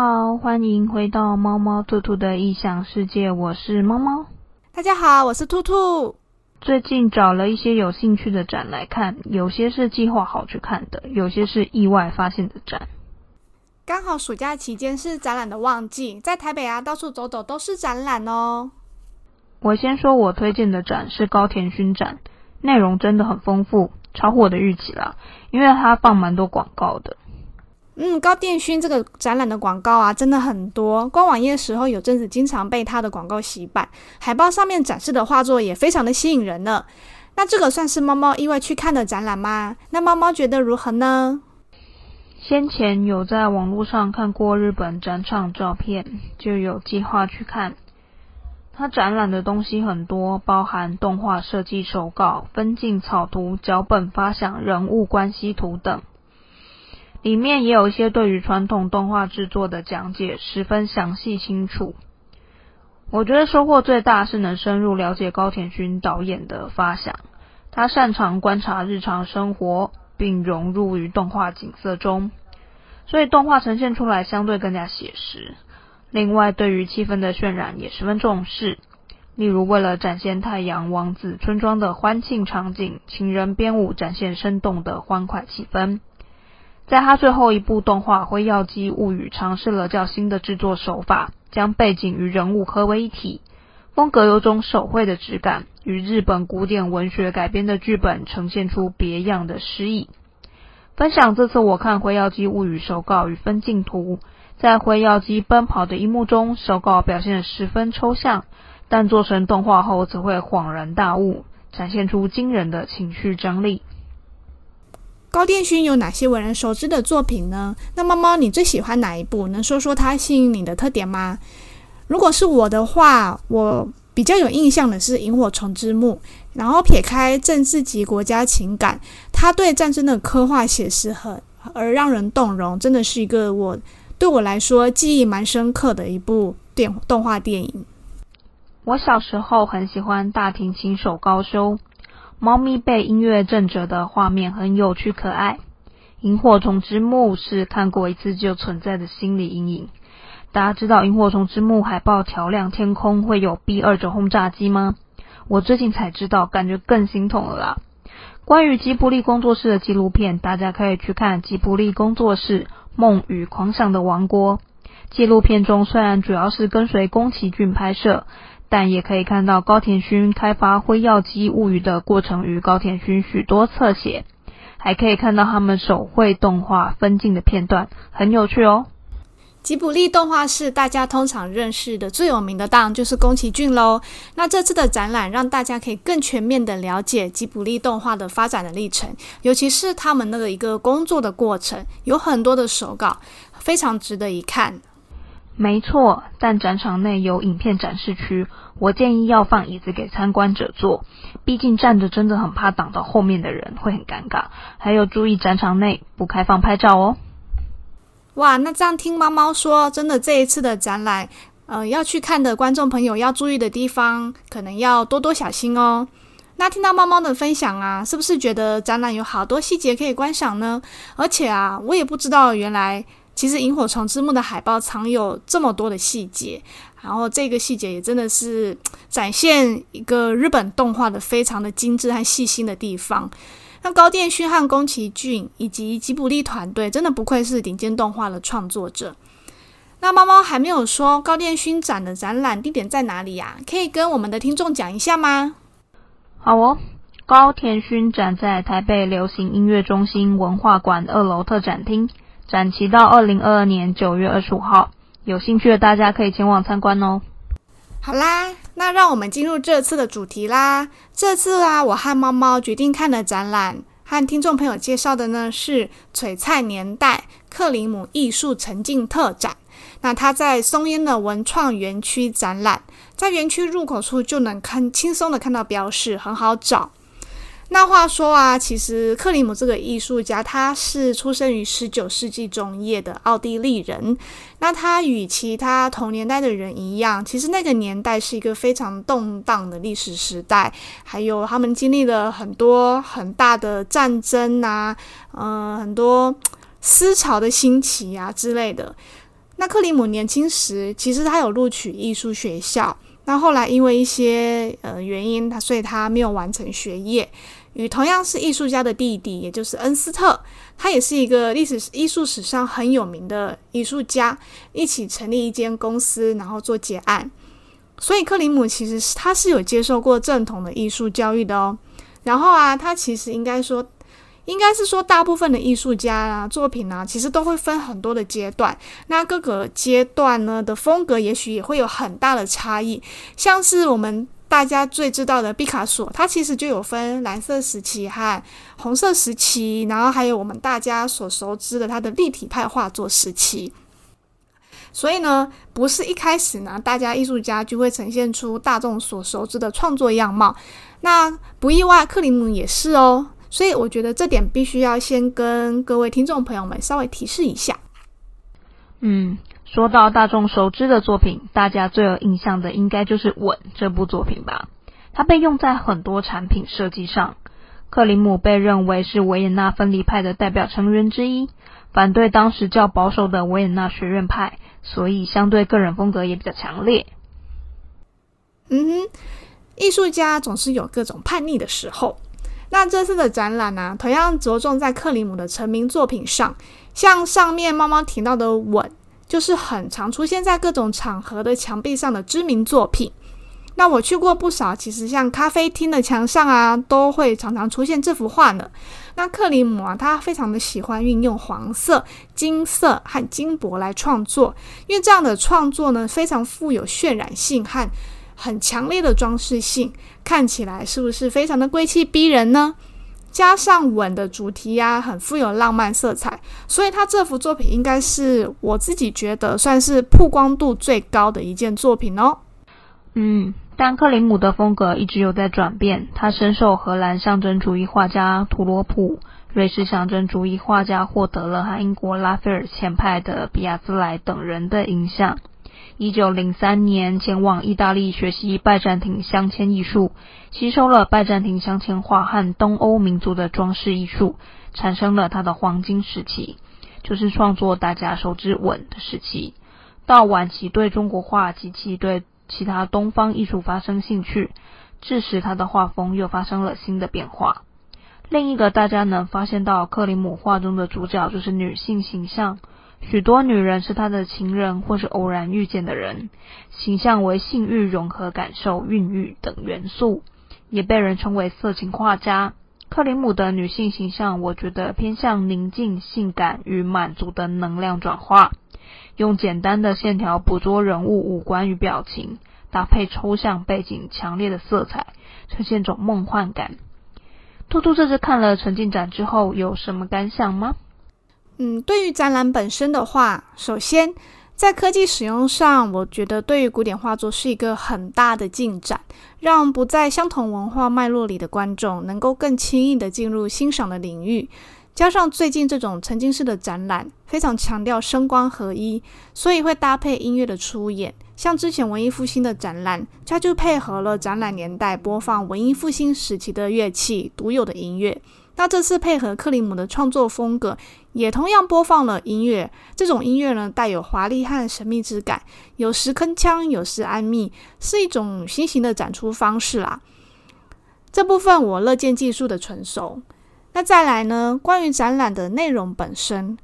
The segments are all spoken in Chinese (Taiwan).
好，歡迎回到貓貓兔兔的異想世界。我是貓貓。大家好，我是兔兔。最近找了一些有興趣的展來看，有些是計劃好去看的，有些是意外發現的展。剛好暑假期間是展覽的旺季，在台北啊，到處走走都是展覽哦。我先說我推薦的展是高畑勲展，內容真的很豐富，超乎我的預期啦，因為它放蠻多廣告的。嗯，高畑勲這個展覽的廣告啊，真的很多。逛網頁的時候，有陣子經常被他的廣告洗版。海報上面展示的畫作也非常的吸引人了。那這個算是貓貓意外去看的展覽嗎？那貓貓覺得如何呢？先前有在網絡上看過日本展場照片，就有計劃去看。他展覽的東西很多，包含動畫設計手稿、分鏡草圖、腳本發想、人物關係圖等。裡面也有一些對於傳統動畫制作的講解，十分詳細清楚。我覺得收穫最大是能深入了解高畑勲導演的發想，他擅長觀察日常生活，並融入於動畫景色中，所以動畫呈現出來相對更加寫實。另外，對於氣氛的渲染也十分重視，例如為了展現太陽王子村莊的歡慶場景，情人編舞展現生動的歡快氣氛。在他最後一部動畫《輝耀姬物語》嘗試了較新的制作手法，將背景與人物合為一體，風格有種手繪的質感，與日本古典文學改編的劇本呈現出別樣的詩意。分享這次我看《輝耀姬物語》手稿與分鏡圖，在輝耀姬奔跑的一幕中，手稿表現得十分抽象，但做成動畫後則會恍然大悟，展現出驚人的情緒張力。高畑勲有哪些為人熟知的作品呢？那麼貓貓你最喜歡哪一部？能說說它吸引你的特點嗎？如果是我的話，我比較有印象的是《螢火蟲之墓》。然後撇開政治及國家情感，他對戰爭的刻畫寫實很，而讓人動容，真的是一個我對我來說記憶蠻深刻的一部電動畫電影。我小時候很喜歡大提琴手高修。貓咪被音樂震懾的畫面很有趣可愛，《螢火蟲之墓》是看過一次就存在的心理陰影。大家知道《螢火蟲之墓》海報調亮天空會有 B 二九轟炸機嗎？我最近才知道，感覺更心痛了啦。關於吉卜力工作室的紀錄片，大家可以去看《吉卜力工作室：夢與狂想的王國》。紀錄片中雖然主要是跟隨宮崎駿拍攝。但也可以看到高畑勲開發《輝耀姬物語》的過程與高畑勲許多側寫，還可以看到他們手繪動畫分鏡的片段，很有趣哦。吉卜力動畫是大家通常認識的最有名的當然就是宮崎駿嘍。那這次的展覽讓大家可以更全面的了解吉卜力動畫的發展的歷程，尤其是他們那個一個工作的過程，有很多的手稿，非常值得一看。沒錯，但展場內有影片展示區，我建議要放椅子給參觀者坐，畢竟站着真的很怕擋到後面的人會很尷尬。還有注意展場內不開放拍照哦。哇，那這樣聽貓貓說，真的這一次的展覽，呃，要去看的觀眾朋友要注意的地方，可能要多多小心哦。那聽到貓貓的分享啊，是不是覺得展覽有好多細節可以觀賞呢？而且啊，我也不知道原來。其實《螢火蟲之墓》的海報藏有這麼多的細節，然後這個細節也真的是展現一個日本動畫的非常的精致和細心的地方。那高畑勲和宮崎駿以及吉卜力團隊真的不愧是頂尖動畫的創作者。那貓貓還沒有說高畑勲展的展覽地點在哪裡呀？啊？可以跟我們的聽眾講一下嗎？好哦，高畑勲展在台北流行音樂中心文化館二樓特展廳。展期到二零二二年九月二十五號，有興趣的大家可以前往參觀哦。好啦，那讓我們進入這次的主題啦。這次啊，我和貓貓決定看的展覽，和聽眾朋友介紹的呢是《璀璨年代克林姆藝術沉浸特展》。那它在松煙的文創園區展覽，在園區入口處就能看輕鬆的看到標示，很好找。那話說啊，其實克林姆這個藝術家，他是出生於十九世紀中葉的奧地利人。那他與其他同年代的人一樣，其實那個年代是一個非常動盪的歷史時代，還有他們經歷了很多很大的戰爭啊，嗯、呃、很多思潮的興起啊之類的。那克林姆年輕時，其實他有錄取藝術學校，那後來因為一些呃原因，他所以他沒有完成學業。與同樣是藝術家的弟弟，也就是恩斯特，他也是一個歷史藝術史上很有名的藝術家，一起成立一間公司，然後做結案。所以克林姆其實是他是有接受過正統的藝術教育的哦。然後啊，他其實應該說，應該是說大部分的藝術家啊作品、啊，其實都會分很多的階段。那各個階段呢的風格，也許也會有很大的差異。像是我們。大家最知道的畢卡索，他其實就有分藍色時期和紅色時期，然後還有我們大家所熟知的他的立體派畫作時期。所以呢，不是一開始呢，大家藝術家就會呈現出大眾所熟知的創作樣貌。那不意外，克林姆也是哦。所以我覺得這點必須要先跟各位聽眾朋友們稍微提示一下。嗯。說到大眾熟知的作品，大家最有印象的應該就是《吻》這部作品吧？它被用在很多產品設計上。克林姆被認為是維也納分離派的代表成員之一，反對當時較保守的維也納學院派，所以相對個人風格也比較強烈。嗯哼，藝術家總是有各種叛逆的時候。那這次的展覽呢、啊，同樣着重在克林姆的成名作品上，像上面貓貓提到的《吻》。就是很常出現在各種場合的牆壁上的知名作品。那我去過不少，其實像咖啡廳的牆上啊，都會常常出現這幅畫呢。那克林姆啊，他非常的喜歡運用黃色、金色和金箔來創作，因為這樣的創作呢，非常富有渲染性和很強烈的裝飾性，看起來是不是非常的貴氣逼人呢？加上吻的主題呀、啊，很富有浪漫色彩，所以他這幅作品應該是我自己覺得算是曝光度最高的一件作品哦。嗯，但克林姆的風格一直有在轉變，他深受荷蘭象徵主義畫家圖羅普、瑞士象徵主義畫家霍德勒和英國拉斐爾前派的比亞茲萊等人的影響。一九零三年前往意大利學習拜占庭鑲嵌藝術，吸收了拜占庭鑲嵌畫和東歐民族的裝飾藝術，產生了他的黃金時期，就是創作大家熟知《吻》的時期。到晚期對中國畫及其對其他東方藝術發生興趣，致使他的畫風又發生了新的變化。另一個大家能發現到克林姆畫中的主角就是女性形象。許多女人是他的情人或是偶然遇見的人，形象為性欲融合、感受、孕育等元素，也被人稱為色情畫家。克林姆的女性形象，我覺得偏向寧靜、性感與滿足的能量轉化，用簡單的線條捕捉人物五官與表情，搭配抽象背景、強烈的色彩，呈現一種夢幻感。兔兔這次看了沉浸展之後，有什麼感想嗎？嗯，對於展覽本身的話，首先在科技使用上，我覺得對於古典畫作是一個很大的進展，讓不在相同文化脈絡裡的觀眾能夠更輕易的進入欣賞的領域。加上最近這種沉浸式的展覽，非常強調聲光合一，所以會搭配音樂的出演。像之前文藝復興的展覽，它就配合了展覽年代播放文藝復興時期的樂器獨有的音樂。那這次配合克林姆的創作風格。也同樣播放了音樂，這種音樂呢帶有華麗和神秘之感，有時鏗鏘，有時安謐，是一種新型的展出方式啦。這部分我樂見技術的成熟。那再來呢？關於展覽的內容本身，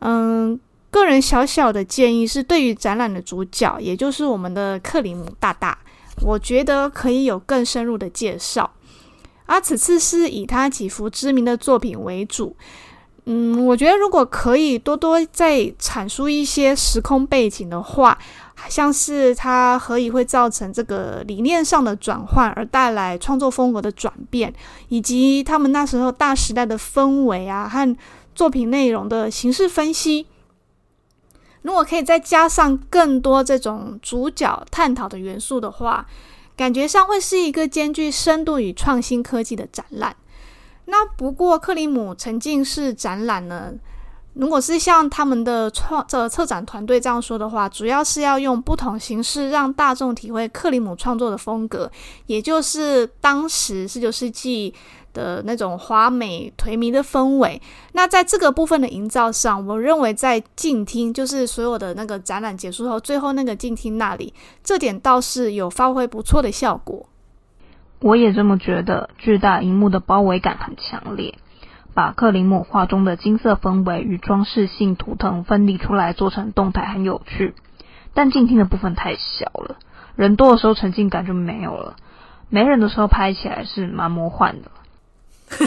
嗯，個人小小的建議是，對於展覽的主角，也就是我們的克林姆大大，我覺得可以有更深入的介紹。而、啊、此次是以他幾幅知名的作品為主。嗯，我覺得如果可以多多再闡述一些時空背景的話，像是它何以會造成這個理念上的轉換，而帶來創作風格的轉變，以及他們那時候大時代的氛圍啊和作品內容的形式分析，如果可以再加上更多這種主角探討的元素的話，感覺上會是一個兼具深度與創新科技的展覽。那不過克林姆沉浸式展覽呢？如果是像他們的創這策展團隊這樣說的話，主要是要用不同形式讓大眾體會克林姆創作的風格，也就是當時十九世紀的那種華美頹靡的氛圍。那在這個部分的營造上，我認為在靜聽，就是所有的那個展覽結束後，最後那個靜聽那裡，這點倒是有發揮不錯的效果。我也這麼覺得，巨大熒幕的包圍感很強烈，把克林姆畫中的金色氛圍與裝飾性圖騰分離出來做成動態很有趣，但靜聽的部分太小了，人多的時候沉浸感就沒有了，沒人的時候拍起來是蠻魔幻的，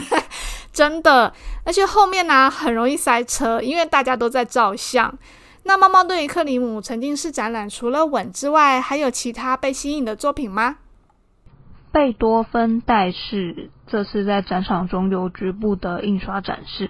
真的。而且後面呢、啊、很容易塞車，因為大家都在照相。那貓貓對於克林姆沉浸式展覽，除了吻之外，還有其他被吸引的作品嗎？貝多芬帶飾這次在展場中有局部的印刷展示，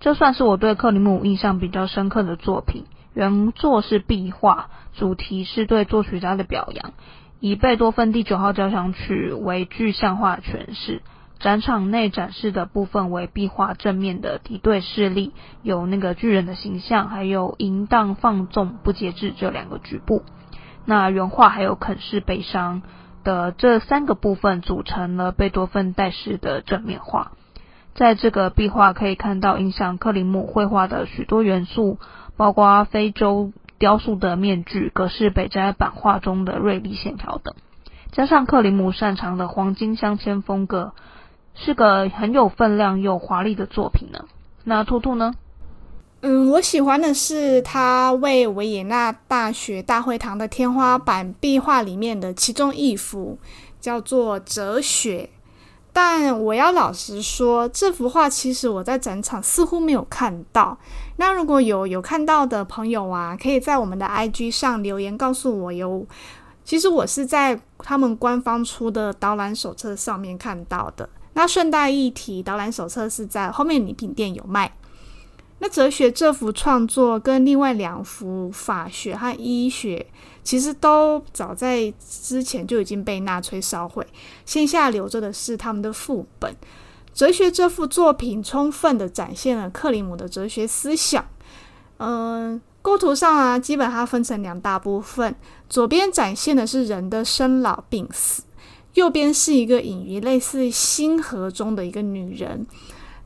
這算是我對克林姆印象比較深刻的作品，原作是壁畫，主題是對作曲家的表揚，以貝多芬第九號交響曲為具象化詮釋。展場內展示的部分為壁畫正面的敵對勢力，有那個巨人的形象，還有淫蕩放縱不節制這兩個局部。那原畫還有啃噬悲傷的這三個部分組成了貝多芬代式的正面畫，在這個壁畫可以看到影響克林姆繪畫的許多元素，包括非洲雕塑的面具、葛飾北齋版畫中的銳利線條等，加上克林姆擅長的黃金鑲嵌風格，是個很有分量又華麗的作品呢。那兔兔呢？嗯，我喜歡的是他為維也納大學大會堂的天花板壁畫裡面的其中一幅，叫做《哲學》。但我要老實說，這幅畫其實我在展場似乎沒有看到。那如果有有看到的朋友啊，可以在我們的 IG 上留言告訴我喲。其實我是在他們官方出的導覽手冊上面看到的。那順帶一提，導覽手冊是在後面禮品店有賣。那哲學這幅創作跟另外兩幅法學和醫學，其實都早在之前就已經被納粹燒毀。現下留着的是他們的副本。哲學這幅作品充分的展現了克林姆的哲學思想。嗯，構圖上啊，基本上它分成兩大部分，左邊展現的是人的生老病死，右邊是一個隱喻，類似星河中的一個女人。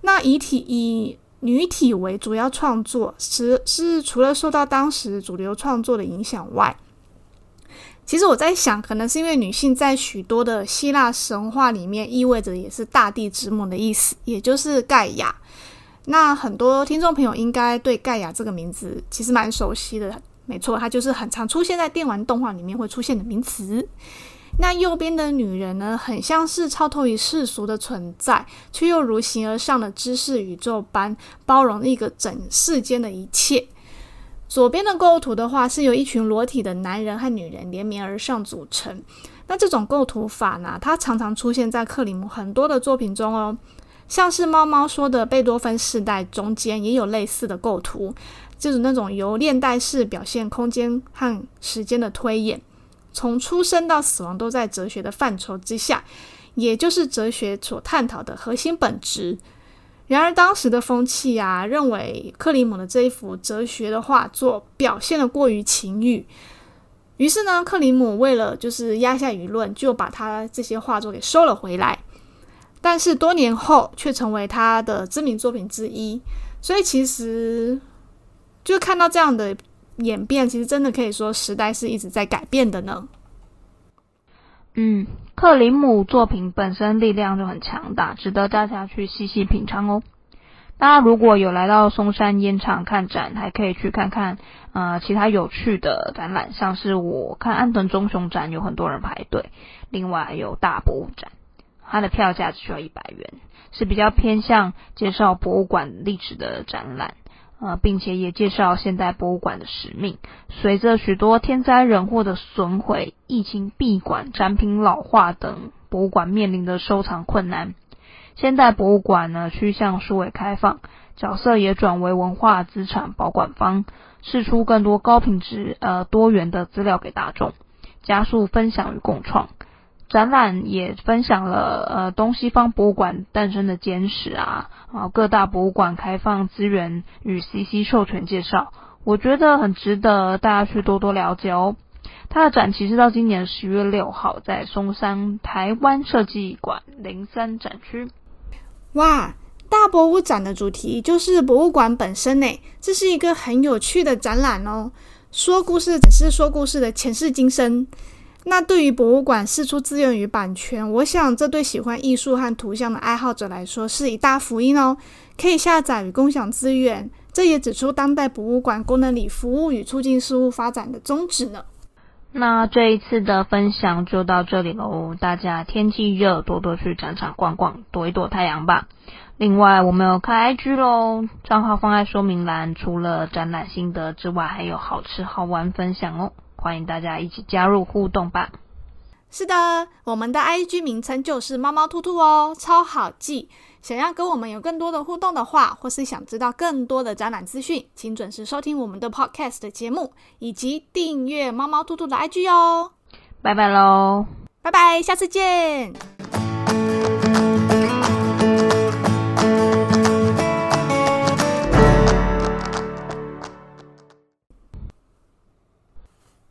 那遺體一。女體為主要創作，是是除了受到當時主流創作的影響外，其實我在想，可能是因為女性在許多的希臘神話裡面意味着也是大地之母的意思，也就是蓋亞。那很多聽眾朋友應該對蓋亞這個名字其實蠻熟悉的，沒錯，它就是很常出現在電玩動畫裡面會出現的名詞。那右邊的女人呢，很像是超脫於世俗的存在，卻又如形而上的知識宇宙般包容一個整世間的一切。左邊的構圖的話，是由一群裸體的男人和女人連綿而上組成。那這種構圖法呢，它常常出現在克林姆很多的作品中哦，像是貓貓說的貝多芬世代中間也有類似的構圖，就是那種由鏈帶式表現空間和時間的推演。從出生到死亡都在哲學的範疇之下，也就是哲學所探討的核心本質。然而當時的風氣啊，認為克林姆的這一幅哲學的畫作表現得過於情欲，於是呢，克林姆為了就是壓下輿論，就把他這些畫作給收了回來。但是多年後卻成為他的知名作品之一，所以其實就看到這樣的。演變其實真的可以說，時代是一直在改變的呢。嗯，克林姆作品本身力量就很強大，值得大家去細細品嚐哦。大家如果有來到松山菸廠看展，還可以去看看呃其他有趣的展覽，像是我看安藤忠雄展有很多人排隊，另外還有大博物展，它的票價只需要一百元，是比較偏向介紹博物館歷史的展覽。呃，並且也介紹現代博物館的使命。隨着許多天災人禍的損毀、疫情閉館、展品老化等，博物館面臨的收藏困難，現代博物館呢趨向數位開放，角色也轉為文化資產保管方，釋出更多高品質、呃多元的資料給大眾，加速分享與共創。展覽也分享了呃東西方博物館誕生的簡史啊，啊各大博物館開放資源與 CC 授權介紹，我覺得很值得大家去多多了解哦。它的展期是到今年十月六號在松山台灣設計館零三展區。哇，大博物展的主題就是博物館本身誒，這是一個很有趣的展覽哦。說故事只是說故事的前世今生。那對於博物館釋出資源與版權，我想這對喜歡藝術和圖像的愛好者來說是一大福音哦，可以下載與共享資源。這也指出當代博物館功能裡服務與促進事物發展的宗旨呢。那這一次的分享就到這裡嘍，大家天氣熱，多多去展場逛逛，躲一躲太陽吧。另外，我們有開 IG 嘍，賬號放在說明欄，除了展覽心得之外，還有好吃好玩分享哦。歡迎大家一起加入互動吧！是的，我們的 IG 名稱就是貓貓兔兔哦，超好記。想要跟我們有更多的互動的話，或是想知道更多的展覽資訊，請準時收聽我們的 Podcast 的節目，以及訂閱貓貓兔兔的 IG 哦。拜拜嘍，拜拜，下次見。